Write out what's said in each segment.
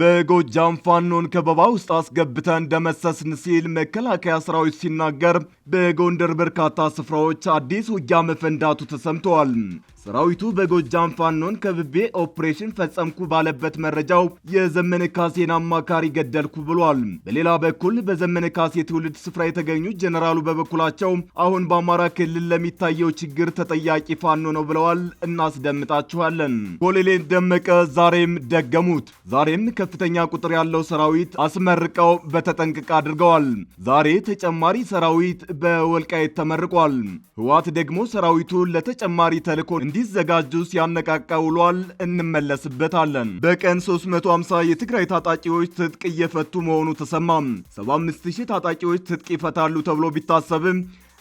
በጎጃም ፋኖን ከበባ ውስጥ አስገብተን ደመሰስን ሲል መከላከያ ሰራዊት ሲናገር፣ በጎንደር በርካታ ስፍራዎች አዲስ ውጊያ መፈንዳቱ ተሰምተዋል። ሰራዊቱ በጎጃም ፋኖን ከብቤ ኦፕሬሽን ፈጸምኩ ባለበት መረጃው የዘመነ ካሴን አማካሪ ገደልኩ ብሏል። በሌላ በኩል በዘመነ ካሴ ትውልድ ስፍራ የተገኙት ጀነራሉ በበኩላቸው አሁን በአማራ ክልል ለሚታየው ችግር ተጠያቂ ፋኖ ነው ብለዋል። እናስደምጣችኋለን። ኮሎኔል ደመቀ ዛሬም ደገሙት። ዛሬም ከፍተኛ ቁጥር ያለው ሰራዊት አስመርቀው በተጠንቀቅ አድርገዋል። ዛሬ ተጨማሪ ሰራዊት በወልቃየት ተመርቋል። ህዋት ደግሞ ሰራዊቱ ለተጨማሪ ተልእኮ እንዲዘጋጁ ሲያነቃቃ ውሏል። እንመለስበታለን። በቀን 350 የትግራይ ታጣቂዎች ትጥቅ እየፈቱ መሆኑ ተሰማም። 75000 ታጣቂዎች ትጥቅ ይፈታሉ ተብሎ ቢታሰብም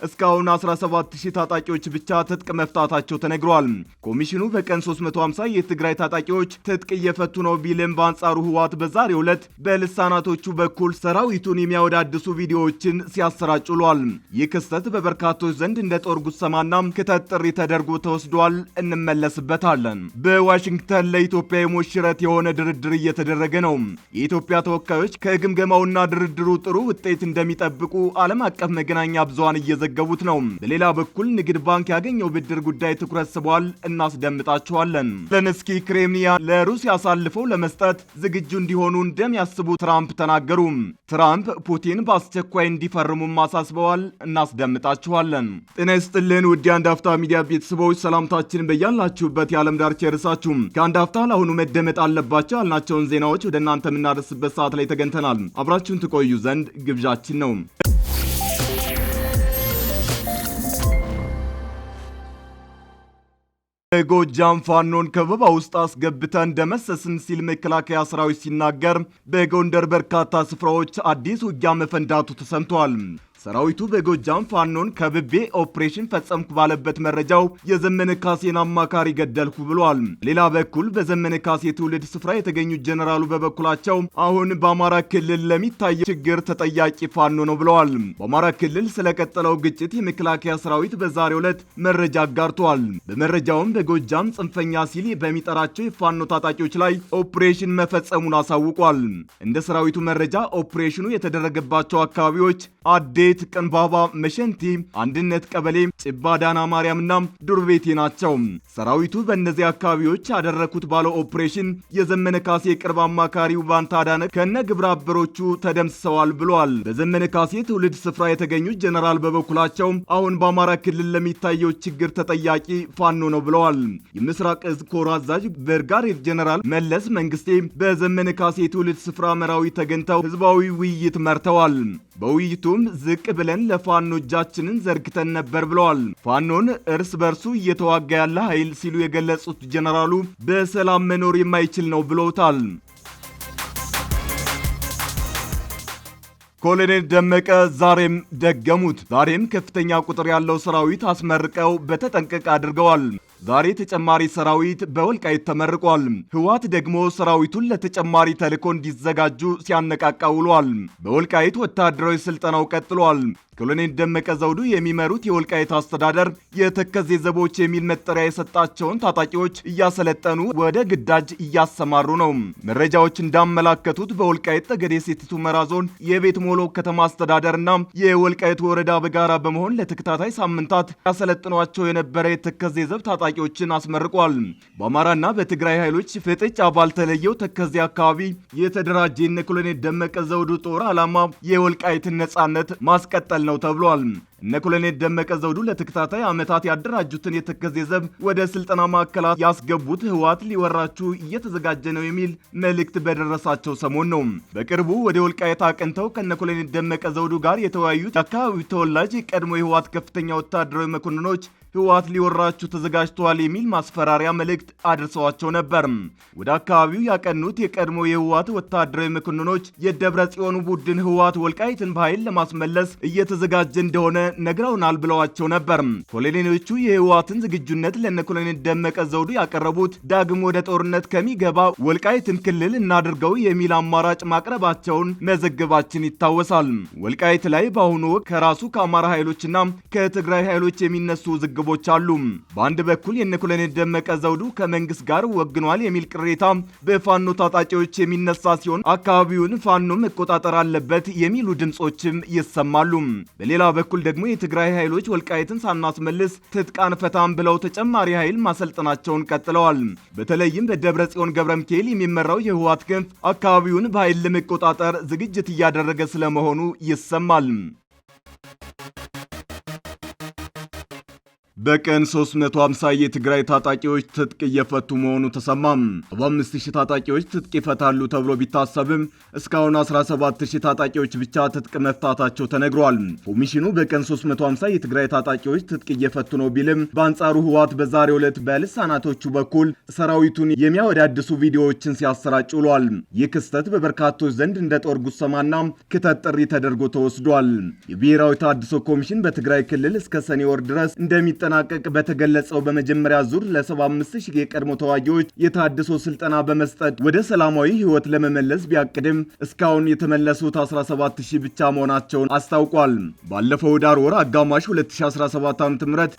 እስካሁን 17000 ታጣቂዎች ብቻ ትጥቅ መፍታታቸው ተነግሯል። ኮሚሽኑ በቀን 350 የትግራይ ታጣቂዎች ትጥቅ እየፈቱ ነው ቢልም በአንጻሩ ህዋት በዛሬው ዕለት በልሳናቶቹ በኩል ሰራዊቱን የሚያወዳድሱ ቪዲዮዎችን ሲያሰራጭ ውሏል። ይህ ክስተት በበርካቶች ዘንድ እንደ ጦር ጉሰማና ክተት ጥሪ ተደርጎ ተወስዷል። እንመለስበታለን። በዋሽንግተን ለኢትዮጵያ የሞሽረት ሽረት የሆነ ድርድር እየተደረገ ነው። የኢትዮጵያ ተወካዮች ከግምገማውና ድርድሩ ጥሩ ውጤት እንደሚጠብቁ ዓለም አቀፍ መገናኛ ብዙሃን እየዘገ እየተመዘገቡት ነው። በሌላ በኩል ንግድ ባንክ ያገኘው ብድር ጉዳይ ትኩረት ስቧል። እናስደምጣቸዋለን። ለንስኪ ክሬሚያ ለሩሲያ አሳልፈው ለመስጠት ዝግጁ እንዲሆኑ እንደሚያስቡ ትራምፕ ተናገሩ። ትራምፕ ፑቲን በአስቸኳይ እንዲፈርሙም አሳስበዋል። እናስደምጣቸዋለን። ጤና ይስጥልን ውድ የአንድ አፍታ ሚዲያ ቤተሰቦች ሰላምታችን በያላችሁበት የዓለም ዳርቻ ይድረሳችሁ። ከአንድ አፍታ ለአሁኑ መደመጥ አለባቸው ያልናቸውን ዜናዎች ወደ እናንተ የምናደርስበት ሰዓት ላይ ተገኝተናል። አብራችሁን ትቆዩ ዘንድ ግብዣችን ነው። በጎጃም ፋኖን ከበባ ውስጥ አስገብተን ደመሰስን ሲል መከላከያ ሰራዊት ሲናገር፣ በጎንደር በርካታ ስፍራዎች አዲስ ውጊያ መፈንዳቱ ተሰምቷል። ሰራዊቱ በጎጃም ፋኖን ከብቤ ኦፕሬሽን ፈጸምኩ ባለበት መረጃው የዘመነ ካሴን አማካሪ ገደልኩ ብሏል። ሌላ በኩል በዘመነ ካሴ ትውልድ ስፍራ የተገኙት ጀነራሉ በበኩላቸው አሁን በአማራ ክልል ለሚታየው ችግር ተጠያቂ ፋኖ ነው ብለዋል። በአማራ ክልል ስለቀጠለው ግጭት የመከላከያ ሰራዊት በዛሬው ዕለት መረጃ አጋርተዋል። በመረጃውም በጎጃም ጽንፈኛ ሲል በሚጠራቸው የፋኖ ታጣቂዎች ላይ ኦፕሬሽን መፈጸሙን አሳውቋል። እንደ ሰራዊቱ መረጃ ኦፕሬሽኑ የተደረገባቸው አካባቢዎች አዴ ቤት ቀንባባ፣ መሸንቲ፣ አንድነት ቀበሌ፣ ጭባ ዳና ማርያምና ዱር ቤቴ ናቸው። ሰራዊቱ በእነዚህ አካባቢዎች ያደረኩት ባለው ኦፕሬሽን የዘመነ ካሴ የቅርብ አማካሪው ባንታ ዳነ ከነ ግብረ አበሮቹ ተደምስሰዋል ብሏል። በዘመነ ካሴ ትውልድ ስፍራ የተገኙት ጀነራል በበኩላቸው አሁን በአማራ ክልል ለሚታየው ችግር ተጠያቂ ፋኖ ነው ብለዋል። የምስራቅ እዝ ኮር አዛዥ ብርጋዴር ጀነራል መለስ መንግስቴ በዘመነ ካሴ ትውልድ ስፍራ መራዊ ተገኝተው ህዝባዊ ውይይት መርተዋል። በውይይቱም ዝቅ ዝቅ ብለን ለፋኖ እጃችንን ዘርግተን ነበር ብለዋል። ፋኖን እርስ በርሱ እየተዋጋ ያለ ኃይል ሲሉ የገለጹት ጀነራሉ በሰላም መኖር የማይችል ነው ብለውታል። ኮሎኔል ደመቀ ዛሬም ደገሙት። ዛሬም ከፍተኛ ቁጥር ያለው ሰራዊት አስመርቀው በተጠንቀቅ አድርገዋል። ዛሬ ተጨማሪ ሰራዊት በወልቃይት ተመርቋል። ህዋት ደግሞ ሰራዊቱን ለተጨማሪ ተልዕኮ እንዲዘጋጁ ሲያነቃቃ ውሏል። በወልቃይት ወታደራዊ ስልጠናው ቀጥሏል። ኮሎኔል ደመቀ ዘውዱ የሚመሩት የወልቃይት አስተዳደር የተከዜ ዘቦች የሚል መጠሪያ የሰጣቸውን ታጣቂዎች እያሰለጠኑ ወደ ግዳጅ እያሰማሩ ነው። መረጃዎች እንዳመላከቱት በወልቃይት ጠገዴ ሰቲት ሁመራ ዞን የቤት ሞሎ ከተማ አስተዳደርና የወልቃይት ወረዳ በጋራ በመሆን ለተከታታይ ሳምንታት ያሰለጥኗቸው የነበረ የተከዜ ዘብ ታጣቂዎችን አስመርቋል። በአማራና በትግራይ ኃይሎች ፍጥጫ ባልተለየው ተከዜ አካባቢ የተደራጀ የኮሎኔል ደመቀ ዘውዱ ጦር ዓላማ የወልቃይትን ነጻነት ማስቀጠል ማዕከል ነው ተብሏል። እነ ኮሎኔል ደመቀ ዘውዱ ለተከታታይ ዓመታት ያደራጁትን የተከዜ ዘብ ወደ ስልጠና ማዕከላት ያስገቡት ህወሓት ሊወራችሁ እየተዘጋጀ ነው የሚል መልእክት በደረሳቸው ሰሞን ነው። በቅርቡ ወደ ወልቃየት አቅንተው ከነ ኮሎኔል ደመቀ ዘውዱ ጋር የተወያዩት የአካባቢው ተወላጅ ቀድሞ የህወሓት ከፍተኛ ወታደራዊ መኮንኖች ህወሓት ሊወራችሁ ተዘጋጅተዋል የሚል ማስፈራሪያ መልእክት አድርሰዋቸው ነበር። ወደ አካባቢው ያቀኑት የቀድሞ የህወሓት ወታደራዊ መኮንኖች የደብረ ጽዮኑ ቡድን ህወሓት ወልቃይትን በኃይል ለማስመለስ እየተዘጋጀ እንደሆነ ነግረውናል ብለዋቸው ነበር። ኮሎኔሎቹ የህወሓትን ዝግጁነት ለነኮሎኔል ደመቀ ዘውዱ ያቀረቡት ዳግም ወደ ጦርነት ከሚገባ ወልቃይትን ክልል እናድርገው የሚል አማራጭ ማቅረባቸውን መዘገባችን ይታወሳል። ወልቃይት ላይ በአሁኑ ወቅት ከራሱ ከአማራ ኃይሎችና ከትግራይ ኃይሎች የሚነሱ ዝግ ዘገቦች አሉ። በአንድ በኩል የነ ኮሎኔል ደመቀ ዘውዱ ከመንግስት ጋር ወግኗል የሚል ቅሬታ በፋኖ ታጣቂዎች የሚነሳ ሲሆን አካባቢውን ፋኖ መቆጣጠር አለበት የሚሉ ድምጾችም ይሰማሉ። በሌላ በኩል ደግሞ የትግራይ ኃይሎች ወልቃይትን ሳናስመልስ ትጥቃን ፈታም ብለው ተጨማሪ ኃይል ማሰልጠናቸውን ቀጥለዋል። በተለይም በደብረ ጽዮን ገብረ ሚካኤል የሚመራው የህወሓት ክንፍ አካባቢውን በኃይል ለመቆጣጠር ዝግጅት እያደረገ ስለመሆኑ ይሰማል። በቀን 350 የትግራይ ታጣቂዎች ትጥቅ እየፈቱ መሆኑ ተሰማም። 5000 ታጣቂዎች ትጥቅ ይፈታሉ ተብሎ ቢታሰብም እስካሁን 17000 ታጣቂዎች ብቻ ትጥቅ መፍታታቸው ተነግሯል። ኮሚሽኑ በቀን 350 የትግራይ ታጣቂዎች ትጥቅ እየፈቱ ነው ቢልም በአንጻሩ ህዋት በዛሬው ዕለት በልሳናቶቹ በኩል ሰራዊቱን የሚያወዳድሱ ቪዲዮዎችን ሲያሰራጭ ውሏል። ይህ ክስተት በበርካቶች ዘንድ እንደ ጦር ጉሰማና ክተት ጥሪ ተደርጎ ተወስዷል። የብሔራዊ ታድሶ ኮሚሽን በትግራይ ክልል እስከ ሰኔ ወር ድረስ እንደሚጠ እንደሚጠናቀቅ በተገለጸው በመጀመሪያ ዙር ለ75000 የቀድሞ ተዋጊዎች የታድሶ ስልጠና በመስጠት ወደ ሰላማዊ ህይወት ለመመለስ ቢያቅድም እስካሁን የተመለሱት 17000 ብቻ መሆናቸውን አስታውቋል። ባለፈው ዳር ወር አጋማሽ 2017 ዓ.ም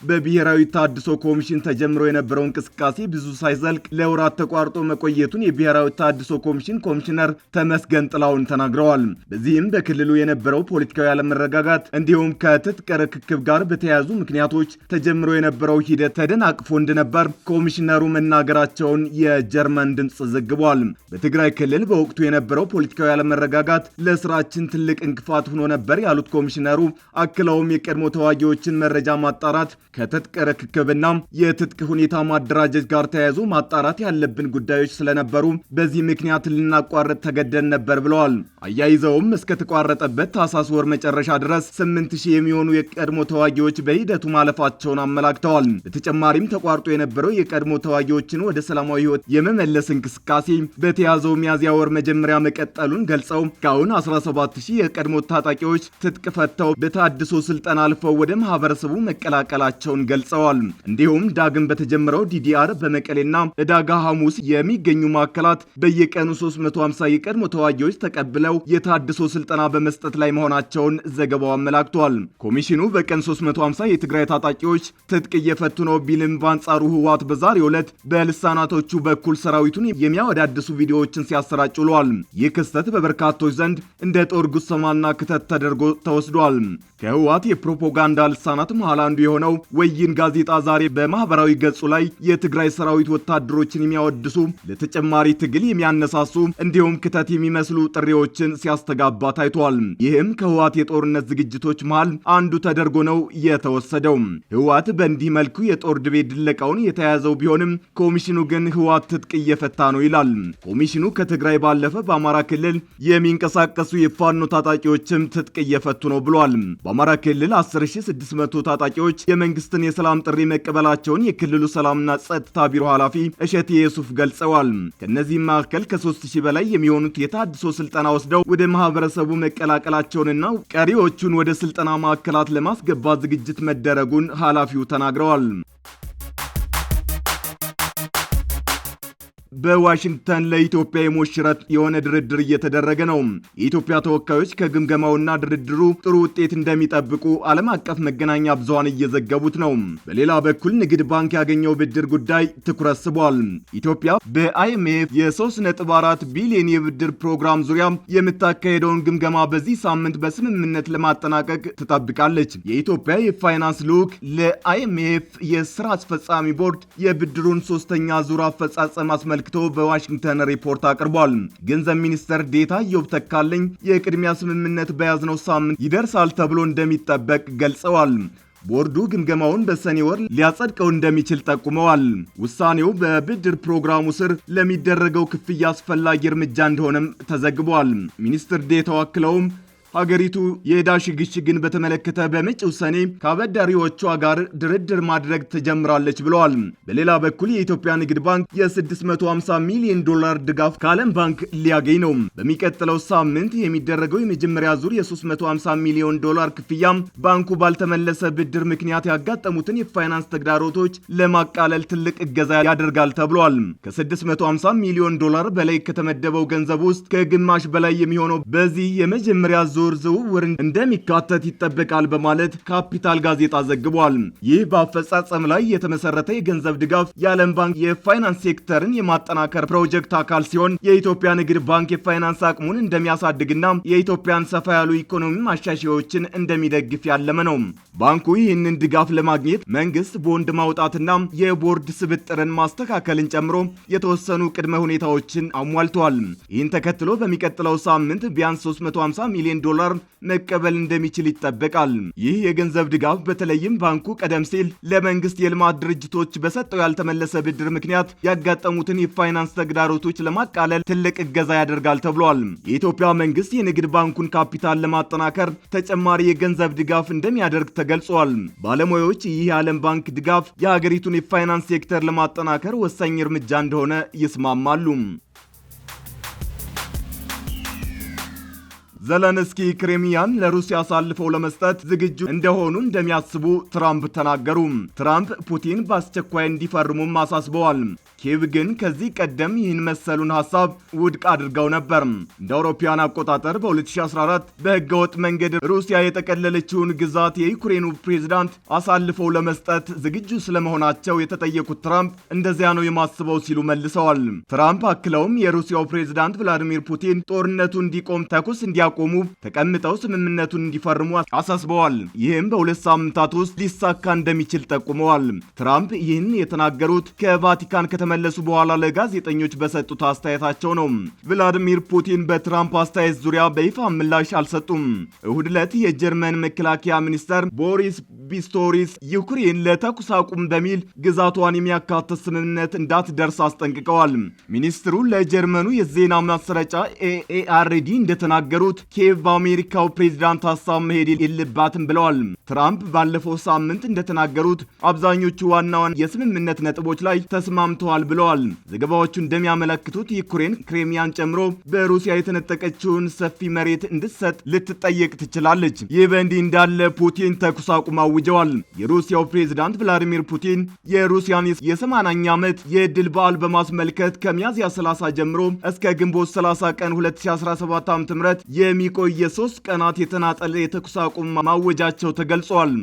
በብሔራዊ ታድሶ ኮሚሽን ተጀምሮ የነበረው እንቅስቃሴ ብዙ ሳይዘልቅ ለወራት ተቋርጦ መቆየቱን የብሔራዊ ታድሶ ኮሚሽን ኮሚሽነር ተመስገን ጥላውን ተናግረዋል። በዚህም በክልሉ የነበረው ፖለቲካዊ አለመረጋጋት እንዲሁም ከትጥቅ ርክክብ ጋር በተያያዙ ምክንያቶች ተጀምሮ ጀምሮ የነበረው ሂደት ተደናቅፎ እንደነበር ኮሚሽነሩ መናገራቸውን የጀርመን ድምፅ ዘግቧል። በትግራይ ክልል በወቅቱ የነበረው ፖለቲካዊ አለመረጋጋት ለስራችን ትልቅ እንቅፋት ሆኖ ነበር ያሉት ኮሚሽነሩ አክለውም የቀድሞ ተዋጊዎችን መረጃ ማጣራት ከትጥቅ ርክክብና የትጥቅ ሁኔታ ማደራጀት ጋር ተያይዞ ማጣራት ያለብን ጉዳዮች ስለነበሩ በዚህ ምክንያት ልናቋረጥ ተገደን ነበር ብለዋል። አያይዘውም እስከተቋረጠበት ተቋረጠበት ታሳስ ወር መጨረሻ ድረስ ስምንት ሺህ የሚሆኑ የቀድሞ ተዋጊዎች በሂደቱ ማለፋቸውን አመላክተዋል። በተጨማሪም ተቋርጦ የነበረው የቀድሞ ተዋጊዎችን ወደ ሰላማዊ ህይወት የመመለስ እንቅስቃሴ በተያዘው ሚያዝያ ወር መጀመሪያ መቀጠሉን ገልጸው እስካሁን 17000 የቀድሞ ታጣቂዎች ትጥቅ ፈተው በታድሶ ስልጠና አልፈው ወደ ማህበረሰቡ መቀላቀላቸውን ገልጸዋል። እንዲሁም ዳግም በተጀመረው ዲዲአር በመቀሌና እዳጋ ሐሙስ የሚገኙ ማዕከላት በየቀኑ 350 የቀድሞ ተዋጊዎች ተቀብለው የታድሶ ስልጠና በመስጠት ላይ መሆናቸውን ዘገባው አመላክቷል። ኮሚሽኑ በቀን 350 የትግራይ ታጣቂዎች ትጥቅ እየፈቱ ነው ቢልም በአንጻሩ ህወሓት በዛሬው ዕለት በልሳናቶቹ በኩል ሰራዊቱን የሚያወዳድሱ ቪዲዮዎችን ሲያሰራጭ ውሏል። ይህ ክስተት በበርካቶች ዘንድ እንደ ጦር ጉሰማና ክተት ተደርጎ ተወስዷል። ከህወሓት የፕሮፓጋንዳ ልሳናት መሃል አንዱ የሆነው ወይን ጋዜጣ ዛሬ በማህበራዊ ገጹ ላይ የትግራይ ሰራዊት ወታደሮችን የሚያወድሱ ለተጨማሪ ትግል የሚያነሳሱ እንዲሁም ክተት የሚመስሉ ጥሪዎችን ሲያስተጋባ ታይቷል። ይህም ከህወሓት የጦርነት ዝግጅቶች መሃል አንዱ ተደርጎ ነው የተወሰደው። ህወሓት ህወሓት በእንዲህ መልኩ የጦር ድቤ ድለቃውን የተያዘው ቢሆንም ኮሚሽኑ ግን ህወሓት ትጥቅ እየፈታ ነው ይላል። ኮሚሽኑ ከትግራይ ባለፈ በአማራ ክልል የሚንቀሳቀሱ የፋኖ ታጣቂዎችም ትጥቅ እየፈቱ ነው ብሏል። በአማራ ክልል 10600 ታጣቂዎች የመንግስትን የሰላም ጥሪ መቀበላቸውን የክልሉ ሰላምና ጸጥታ ቢሮ ኃላፊ እሸቴ የሱፍ ገልጸዋል። ከእነዚህም መካከል ከ3000 በላይ የሚሆኑት የታድሶ ስልጠና ወስደው ወደ ማህበረሰቡ መቀላቀላቸውንና ቀሪዎቹን ወደ ስልጠና ማዕከላት ለማስገባት ዝግጅት መደረጉን ኃላፊ ኃላፊው ተናግረዋል። በዋሽንግተን ለኢትዮጵያ የሞሽረት የሆነ ድርድር እየተደረገ ነው። የኢትዮጵያ ተወካዮች ከግምገማውና ድርድሩ ጥሩ ውጤት እንደሚጠብቁ ዓለም አቀፍ መገናኛ ብዙሃን እየዘገቡት ነው። በሌላ በኩል ንግድ ባንክ ያገኘው ብድር ጉዳይ ትኩረት ስቧል። ኢትዮጵያ በአይኤምኤፍ የ3.4 ቢሊዮን የብድር ፕሮግራም ዙሪያ የምታካሄደውን ግምገማ በዚህ ሳምንት በስምምነት ለማጠናቀቅ ትጠብቃለች። የኢትዮጵያ የፋይናንስ ልዑክ ለአይኤምኤፍ የስራ አስፈጻሚ ቦርድ የብድሩን ሶስተኛ ዙር አፈጻጸም አስመልክ አስመልክቶ በዋሽንግተን ሪፖርት አቅርቧል። ገንዘብ ሚኒስተር ዴታ ኢዮብ ተካልኝ የቅድሚያ ስምምነት በያዝነው ሳምንት ይደርሳል ተብሎ እንደሚጠበቅ ገልጸዋል። ቦርዱ ግምገማውን በሰኔ ወር ሊያጸድቀው እንደሚችል ጠቁመዋል። ውሳኔው በብድር ፕሮግራሙ ስር ለሚደረገው ክፍያ አስፈላጊ እርምጃ እንደሆነም ተዘግቧል። ሚኒስትር ዴታው አክለውም ሀገሪቱ የዕዳ ሽግሽግን በተመለከተ በምጭ ውሳኔ ከአበዳሪዎቿ ጋር ድርድር ማድረግ ትጀምራለች ብለዋል። በሌላ በኩል የኢትዮጵያ ንግድ ባንክ የ650 ሚሊዮን ዶላር ድጋፍ ከዓለም ባንክ ሊያገኝ ነው። በሚቀጥለው ሳምንት የሚደረገው የመጀመሪያ ዙር የ350 ሚሊዮን ዶላር ክፍያ ባንኩ ባልተመለሰ ብድር ምክንያት ያጋጠሙትን የፋይናንስ ተግዳሮቶች ለማቃለል ትልቅ እገዛ ያደርጋል ተብሏል። ከ650 ሚሊዮን ዶላር በላይ ከተመደበው ገንዘብ ውስጥ ከግማሽ በላይ የሚሆነው በዚህ የመጀመሪያ ዙር የዞር ዝውውር እንደሚካተት ይጠበቃል በማለት ካፒታል ጋዜጣ ዘግቧል። ይህ በአፈጻጸም ላይ የተመሰረተ የገንዘብ ድጋፍ የዓለም ባንክ የፋይናንስ ሴክተርን የማጠናከር ፕሮጀክት አካል ሲሆን የኢትዮጵያ ንግድ ባንክ የፋይናንስ አቅሙን እንደሚያሳድግና የኢትዮጵያን ሰፋ ያሉ ኢኮኖሚ ማሻሻያዎችን እንደሚደግፍ ያለመ ነው። ባንኩ ይህንን ድጋፍ ለማግኘት መንግስት ቦንድ ማውጣትና የቦርድ ስብጥርን ማስተካከልን ጨምሮ የተወሰኑ ቅድመ ሁኔታዎችን አሟልተዋል። ይህን ተከትሎ በሚቀጥለው ሳምንት ቢያንስ 350 ሚሊዮን ዶላር መቀበል እንደሚችል ይጠበቃል። ይህ የገንዘብ ድጋፍ በተለይም ባንኩ ቀደም ሲል ለመንግስት የልማት ድርጅቶች በሰጠው ያልተመለሰ ብድር ምክንያት ያጋጠሙትን የፋይናንስ ተግዳሮቶች ለማቃለል ትልቅ እገዛ ያደርጋል ተብሏል። የኢትዮጵያ መንግስት የንግድ ባንኩን ካፒታል ለማጠናከር ተጨማሪ የገንዘብ ድጋፍ እንደሚያደርግ ተገልጿል። ባለሙያዎች ይህ የዓለም ባንክ ድጋፍ የሀገሪቱን የፋይናንስ ሴክተር ለማጠናከር ወሳኝ እርምጃ እንደሆነ ይስማማሉ። ዘለንስኪ ክሬሚያን ለሩሲያ አሳልፈው ለመስጠት ዝግጁ እንደሆኑ እንደሚያስቡ ትራምፕ ተናገሩ። ትራምፕ ፑቲን በአስቸኳይ እንዲፈርሙም አሳስበዋል። ኪቭ ግን ከዚህ ቀደም ይህን መሰሉን ሀሳብ ውድቅ አድርገው ነበር። እንደ አውሮፓውያን አቆጣጠር በ2014 በህገወጥ መንገድ ሩሲያ የጠቀለለችውን ግዛት የዩክሬኑ ፕሬዝዳንት አሳልፈው ለመስጠት ዝግጁ ስለመሆናቸው የተጠየቁት ትራምፕ እንደዚያ ነው የማስበው ሲሉ መልሰዋል። ትራምፕ አክለውም የሩሲያው ፕሬዝዳንት ቭላዲሚር ፑቲን ጦርነቱ እንዲቆም ተኩስ እንዲያ እንዲያቆሙ ተቀምጠው ስምምነቱን እንዲፈርሙ አሳስበዋል። ይህም በሁለት ሳምንታት ውስጥ ሊሳካ እንደሚችል ጠቁመዋል። ትራምፕ ይህን የተናገሩት ከቫቲካን ከተመለሱ በኋላ ለጋዜጠኞች በሰጡት አስተያየታቸው ነው። ቭላዲሚር ፑቲን በትራምፕ አስተያየት ዙሪያ በይፋ ምላሽ አልሰጡም። እሁድ ዕለት የጀርመን መከላከያ ሚኒስተር ቦሪስ ቢስቶሪስ ዩክሬን ለተኩስ አቁም በሚል ግዛቷን የሚያካትት ስምምነት እንዳትደርስ አስጠንቅቀዋል። ሚኒስትሩ ለጀርመኑ የዜና ማሰረጫ ኤአርዲ እንደተናገሩት ኪየቭ በአሜሪካው ፕሬዚዳንት ሀሳብ መሄድ የለባትም ብለዋል። ትራምፕ ባለፈው ሳምንት እንደተናገሩት አብዛኞቹ ዋና ዋና የስምምነት ነጥቦች ላይ ተስማምተዋል ብለዋል። ዘገባዎቹ እንደሚያመለክቱት ዩክሬን ክሬሚያን ጨምሮ በሩሲያ የተነጠቀችውን ሰፊ መሬት እንድትሰጥ ልትጠየቅ ትችላለች። ይህ በእንዲህ እንዳለ ፑቲን ተኩስ አቁም አውጀዋል። የሩሲያው ፕሬዚዳንት ቭላዲሚር ፑቲን የሩሲያን የ80ኛ ዓመት የድል በዓል በማስመልከት ከሚያዝያ 30 ጀምሮ እስከ ግንቦት 30 ቀን 2017 ም ። ለሚቆይ የሶስት ቀናት የተናጠለ የተኩስ አቁም ማወጃቸው ተገልጿል።